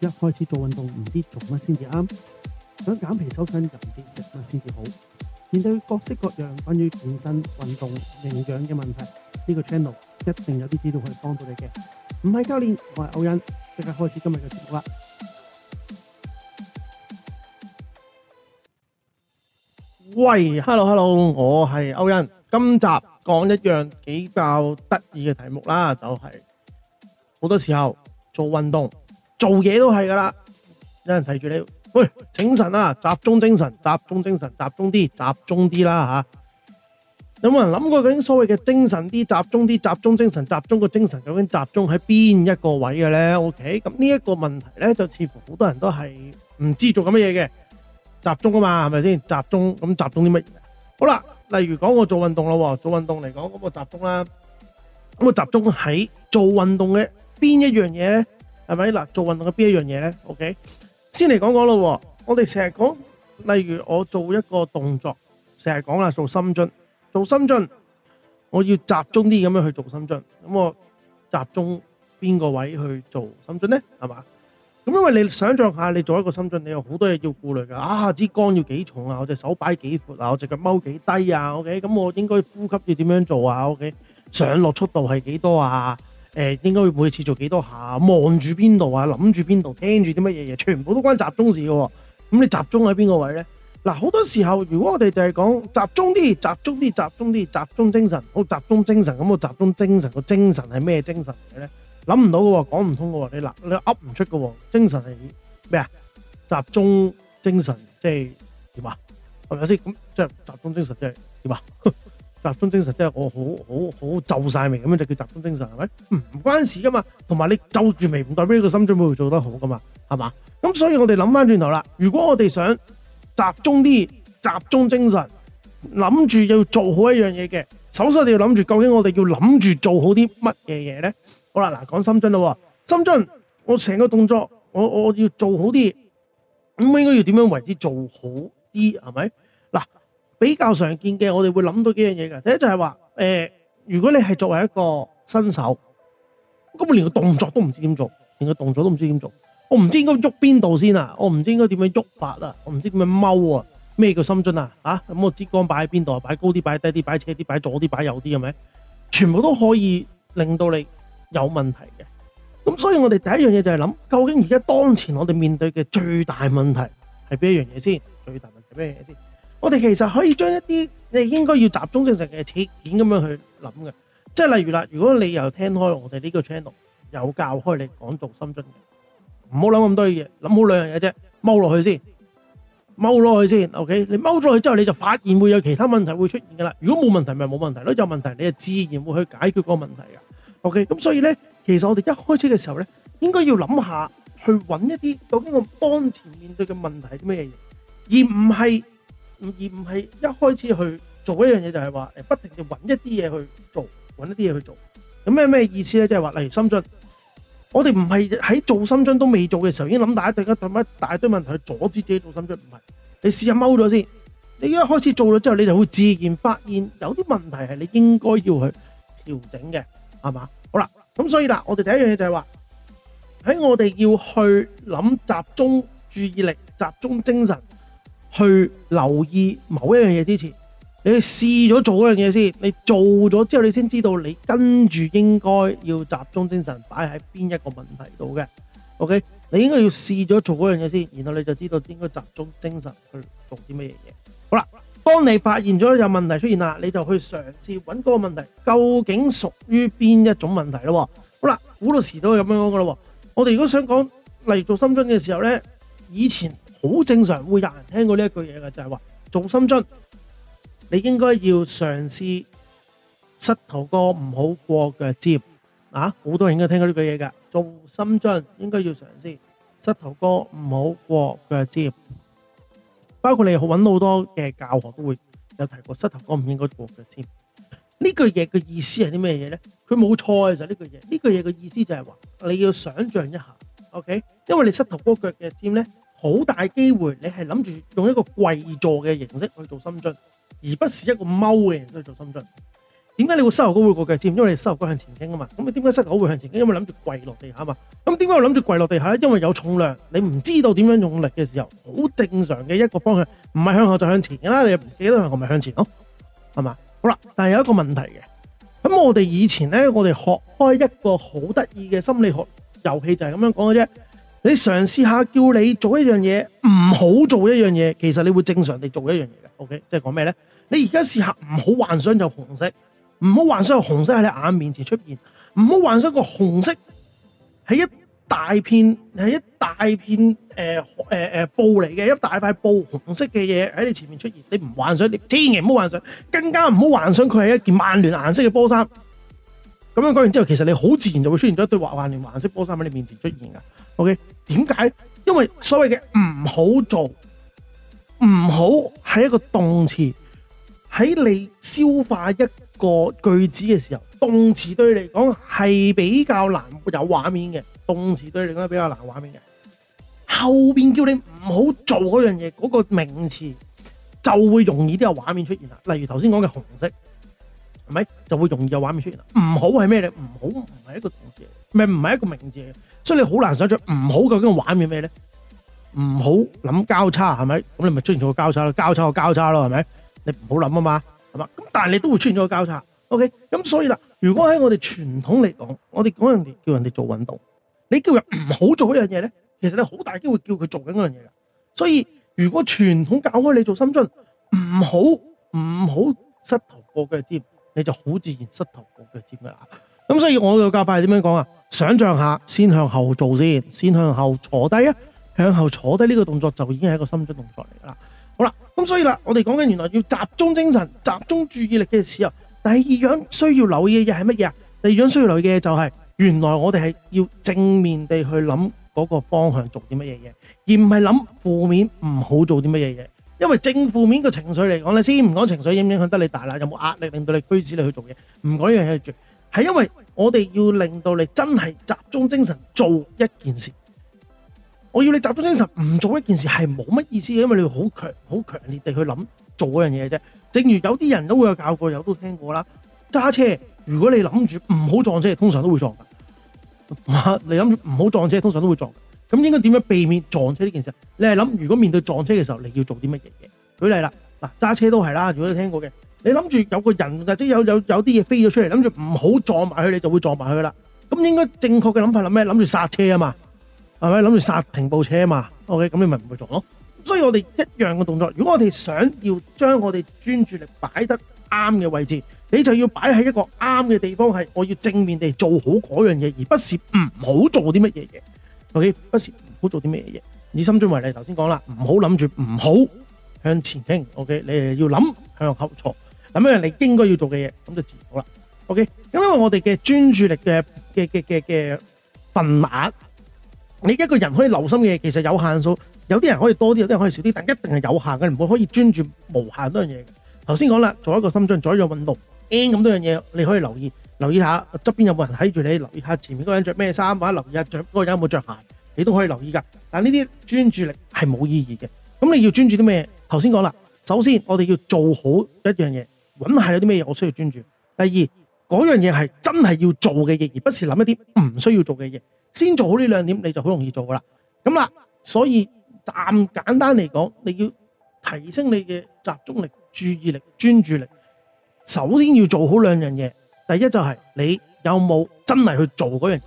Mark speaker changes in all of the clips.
Speaker 1: 一開始做運動唔知做乜先至啱，想減肥瘦身又唔知食乜先至好。面對各式各樣關於健身、運動、營養嘅問題，呢個 channel 一定有啲資料可以幫到你嘅。唔係教練，我係歐恩，即刻開始今日嘅節目啦！喂，Hello，Hello，Hello，我係歐恩。今集講一樣幾比較得意嘅題目啦，就係好多時候做運動，做嘢都係噶啦，有人提住你，喂，精神啊，集中精神，集中精神，集中啲，集中啲啦吓。有冇人諗過究竟所謂嘅精神啲，集中啲，集中精神，集中個精神究竟集中喺邊一個位嘅咧？OK，咁呢一個問題咧，就似乎好多人都係唔知做緊乜嘢嘅，集中啊嘛，係咪先？集中咁集中啲乜嘢？好啦，例如講我做運動喎，做運動嚟講咁我集中啦，咁我集中喺做運動嘅邊一樣嘢咧？係咪嗱？做運動嘅邊一樣嘢咧？OK，先嚟講講咯。我哋成日講，例如我做一個動作，成日講啦，做深蹲，做深蹲，我要集中啲咁樣去做深蹲。咁我集中邊個位去做深蹲咧？係嘛？咁因為你想像下，你做一個深蹲，你有好多嘢要顧慮㗎。啊，支桿要幾重啊？我隻手擺幾闊啊？我隻腳踎幾低啊？OK，咁我應該呼吸要點樣做啊？OK，上落速度係幾多啊？誒，應該會每次做幾多下？望住邊度啊？諗住邊度？聽住啲乜嘢嘢？全部都關集中事嘅。咁你集中喺邊個位咧？嗱，好多時候，如果我哋就係講集中啲，集中啲，集中啲，集中精神，好集中精神。咁個集中精神個精神係咩精神嚟咧？諗唔到嘅喎，講唔通嘅喎。你嗱，你噏唔出嘅喎。精神係咩啊？集中精神即係點啊？係咪先？咁即係集中精神即係點啊？ 集中精神即係我好好好皺晒眉咁樣就叫集中精神係咪？唔關事噶嘛，同埋你皺住眉，唔代表呢個心津會做得好噶嘛，係嘛？咁所以我哋諗翻轉頭啦，如果我哋想集中啲、集中精神，諗住要做好一樣嘢嘅，首先我哋要諗住究竟我哋要諗住做好啲乜嘢嘢咧？好啦，嗱，講心津啦，心津我成個動作，我我要做好啲，咁應該要點樣為之做好啲？係咪嗱？比較常見嘅，我哋會諗到幾樣嘢嘅。第一就係話，誒、呃，如果你係作為一個新手，根本連個動作都唔知點做，連個動作都唔知點做，我唔知應該喐邊度先啊，我唔知應該點樣喐法啦、啊，我唔知點樣踎啊，咩叫深蹲啊？嚇、啊，咁我支桿擺喺邊度啊？擺高啲，擺低啲，擺斜啲，擺左啲，擺右啲，係咪？全部都可以令到你有問題嘅。咁所以，我哋第一樣嘢就係諗，究竟而家當前我哋面對嘅最大問題係邊一樣嘢先？最大問題係咩嘢先？我哋其實可以將一啲你應該要集中精神嘅切片咁樣去諗嘅，即係例如啦。如果你又聽開我哋呢個 channel 有教開你講做深蹲，唔好諗咁多嘢，諗好兩樣嘢啫，踎落去先，踎落去先。OK，你踎咗去之後，你就發現會有其他問題會出現噶啦。如果冇問題咪冇問題咯，有問題你就自然會去解決嗰個問題嘅。OK，咁所以咧，其實我哋一開始嘅時候咧，應該要諗下去揾一啲究竟我當前面對嘅問題係啲咩嘢，而唔係。而唔係一開始去做的一樣嘢就係話誒，不停就揾一啲嘢去做，揾一啲嘢去做，咁咩咩意思咧？即係話例如深蹲，我哋唔係喺做深蹲都未做嘅時候已經諗大一堆乜一大堆問題去阻止自己做深蹲，唔係。你試下踎咗先，你一開始做咗之後，你就會自然發現有啲問題係你應該要去調整嘅，係嘛？好啦，咁所以嗱，我哋第一樣嘢就係話喺我哋要去諗集中注意力、集中精神。去留意某一樣嘢之前，你去試咗做嗰樣嘢先，你做咗之後，你先知道你跟住應該要集中精神擺喺邊一個問題度嘅。OK，你應該要試咗做嗰樣嘢先，然後你就知道你應該集中精神去做啲乜嘢嘢。好啦，當你發現咗有問題出現啦，你就去嘗試揾嗰個問題究竟屬於邊一種問題咯。好啦，古到時都係咁樣講噶咯。我哋如果想講嚟做深蹲嘅時候呢，以前。好正常，會有人聽過呢一句嘢嘅，就係話做深蹲，你應該要嘗試膝頭哥唔好過腳尖啊！好多人應該聽過呢句嘢嘅，做深蹲應該要嘗試膝頭哥唔好過腳尖。包括你，好揾到好多嘅教學都會有提過膝頭哥唔應該過腳尖。呢句嘢嘅意思係啲咩嘢咧？佢冇錯嘅就係呢句嘢。呢句嘢嘅意思就係話你要想像一下，OK？因為你膝頭哥腳嘅尖咧。好大機會，你係諗住用一個跪坐嘅形式去做深蹲，而不是一個踎嘅形式去做深蹲。點解你會膝頭哥會過腳尖？因為你膝頭哥向前傾啊嘛。咁你點解膝頭哥會向前傾？因為諗住跪落地下啊嘛。咁點解我諗住跪落地下咧？因為有重量，你唔知道點樣用力嘅時候，好正常嘅一個方向，唔係向後就向前啦。你又唔記得向後咪向前咯，係嘛？好啦，但係有一個問題嘅。咁我哋以前咧，我哋學開一個好得意嘅心理學遊戲，就係咁樣講嘅啫。你嘗試下叫你做一樣嘢，唔好做一樣嘢，其實你會正常地做一樣嘢嘅。OK，即係講咩咧？你而家試下唔好幻想有紅色，唔好幻想有紅色喺你眼面前出現，唔好幻想個紅色係一大片，係一大片誒誒誒布嚟嘅，一大塊布紅色嘅嘢喺你前面出現，你唔幻想，你千祈唔好幻想，更加唔好幻想佢係一件曼聯顏色嘅波衫。咁樣講完之後，其實你好自然就會出現咗一堆畫畫連環式波衫喺你面前出現噶。OK，點解？因為所謂嘅唔好做，唔好係一個動詞。喺你消化一個句子嘅時候，動詞對你嚟講係比較難有畫面嘅。動詞對你嚟講比較難畫面嘅。後邊叫你唔好做嗰樣嘢，嗰個名詞就會容易都有畫面出現啦。例如頭先講嘅紅色。係咪就會容易有畫面出現啦？唔好係咩咧？唔好唔係一個動詞，咪唔係一個名字嘅，所以你好難想象唔好究竟畫面咩咧？唔好諗交叉係咪？咁你咪出現咗個交叉咯，交叉就交叉咯，係咪？你唔好諗啊嘛，係嘛？咁但係你都會出現咗個交叉。OK，咁所以啦，如果喺我哋傳統嚟講，我哋講人哋叫人哋做運動，你叫人唔好做嗰樣嘢咧，其實你好大機會叫佢做緊嗰樣嘢噶。所以如果傳統教開你做深蹲，唔好唔好膝頭過腳尖。你就好自然膝頭哥過腳尖噶啦，咁所以我嘅教派係點樣講啊？想象下，先向後做先，先向後坐低啊，向後坐低呢個動作就已經係一個深蹲動作嚟噶啦。好啦，咁所以啦，我哋講緊原來要集中精神、集中注意力嘅時候，第二樣需要留意嘅嘢係乜嘢啊？第二樣需要留意嘅就係，原來我哋係要正面地去諗嗰個方向做啲乜嘢嘢，而唔係諗負面唔好做啲乜嘢嘢。因為正負面嘅情緒嚟講，你先唔講情緒影唔影響得你大啦，有冇壓力令到你驅使你去做嘢？唔講呢樣嘢住，係因為我哋要令到你真係集中精神做一件事。我要你集中精神唔做一件事係冇乜意思嘅，因為你要好強、好強烈地去諗做嗰樣嘢啫。正如有啲人都會有教過，有都聽過啦。揸車如果你諗住唔好撞車，通常都會撞㗎。你諗住唔好撞車，通常都會撞㗎。咁應該點樣避免撞車呢件事？你係諗，如果面對撞車嘅時候，你要做啲乜嘢嘢？舉例啦，嗱揸車都係啦，如果你聽過嘅，你諗住有個人或者有有有啲嘢飛咗出嚟，諗住唔好撞埋佢，你就會撞埋佢啦。咁應該正確嘅諗法諗咩？諗住剎車啊嘛，係咪諗住剎停部車啊嘛？OK，咁你咪唔會撞咯。所以我哋一樣嘅動作，如果我哋想要將我哋專注力擺得啱嘅位置，你就要擺喺一個啱嘅地方，係我要正面地做好嗰樣嘢，而不是唔好做啲乜嘢嘢。OK，不是唔好做啲咩嘢，以深蹲為例，頭先講啦，唔好諗住唔好向前傾。OK，你要諗向後坐，咁樣你應該要做嘅嘢，咁就自然好啦。OK，因為我哋嘅專注力嘅嘅嘅嘅嘅份額，你一個人可以留心嘅其實有限數，有啲人可以多啲，有啲人可以少啲，但一定係有限嘅，唔會可以專注無限多樣嘢。頭先講啦，做一個深蹲，做一樣運動。N 咁多樣嘢，你可以留意留意下，側邊有冇人睇住你？留意下前面嗰個人着咩衫，或者留意下着嗰個人有冇着鞋，你都可以留意噶。但呢啲專注力係冇意義嘅。咁你要專注啲咩？頭先講啦，首先我哋要做好一樣嘢，搵下有啲咩嘢我需要專注。第二，嗰樣嘢係真係要做嘅嘢，而不是諗一啲唔需要做嘅嘢。先做好呢兩點，你就好容易做噶啦。咁啦，所以暫簡單嚟講，你要提升你嘅集中力、注意力、專注力。首先要做好兩樣嘢，第一就係你有冇真係去做嗰樣嘢。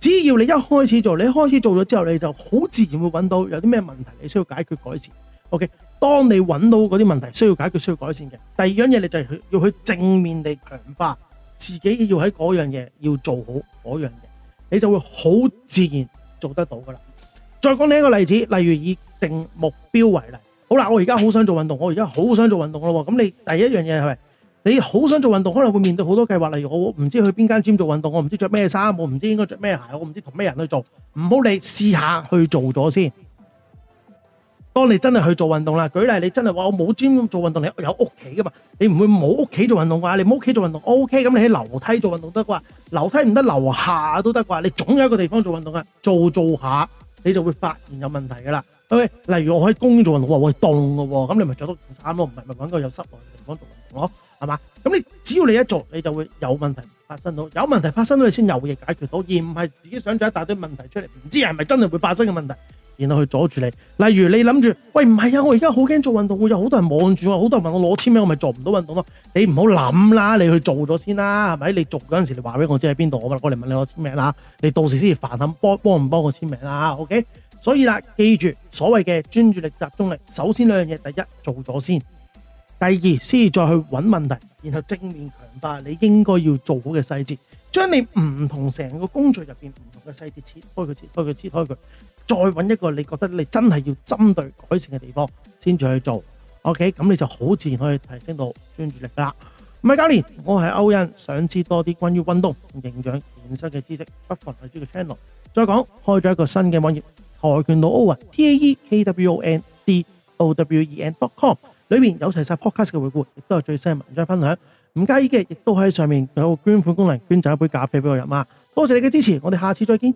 Speaker 1: 只要你一開始做，你一開始做咗之後，你就好自然會揾到有啲咩問題你需要解決改善。OK，當你揾到嗰啲問題需要解決需要改善嘅，第二樣嘢你就係要去正面地強化自己，要喺嗰樣嘢要做好嗰樣嘢，你就會好自然做得到噶啦。再講另一個例子，例如以定目標為例，好啦，我而家好想做運動，我而家好想做運動咯。咁你第一樣嘢係咪？你好想做運動，可能會面對好多計劃，例如我唔知去邊間 gym 做運動，我唔知着咩衫，我唔知應該着咩鞋，我唔知同咩人去做。唔好你試下去做咗先。當你真係去做運動啦，舉例你真係話我冇 gym 做運動，你有屋企噶嘛？你唔會冇屋企做運動啩？你冇屋企做運動 OK，咁你喺樓梯做運動得啩？樓梯唔得，樓下都得啩？你總有一個地方做運動嘅，做做下你就會發現有問題噶啦。OK？例如我喺公園做運動，我係凍㗎喎，咁你咪着多件衫咯，唔係咪揾個有室內嘅地方做運動咯？係嘛？咁你只要你一做，你就會有問題發生到，有問題發生到你先有嘢解決到，而唔係自己想咗一大堆問題出嚟，唔知係咪真係會發生嘅問題，然後去阻住你。例如你諗住，喂唔係啊，我而家好驚做運動，會有好多人望住我，好多人問我攞簽名，我咪做唔到運動咯。你唔好諗啦，你去做咗先啦，係咪？你做嗰陣時，你話俾我知喺邊度，我咪過嚟問你攞簽名啦。你到時先至煩肯幫幫唔幫，幫我簽名啦。OK，所以啦，記住所謂嘅專注力、集中力，首先兩樣嘢，第一做咗先。第二，先再去揾問題，然後正面強化你應該要做好嘅細節，將你唔同成個工序入邊唔同嘅細節切開佢，切開佢，切開佢，再揾一個你覺得你真係要針對改善嘅地方，先至去做，OK？咁你就好自然可以提升到專注力噶啦。唔係教練，我係歐恩，想知多啲關於運動營養健身嘅知識，不妨嚟呢個 channel。再講開咗一個新嘅網頁，跆拳道 Owen，T A E K W O N D O W E N dot com。裏面有齊晒 podcast 嘅回顧，亦都有最新嘅文章分享。唔介意嘅，亦都喺上面有個捐款功能，捐就一杯咖啡俾我飲嘛。多謝你嘅支持，我哋下次再見。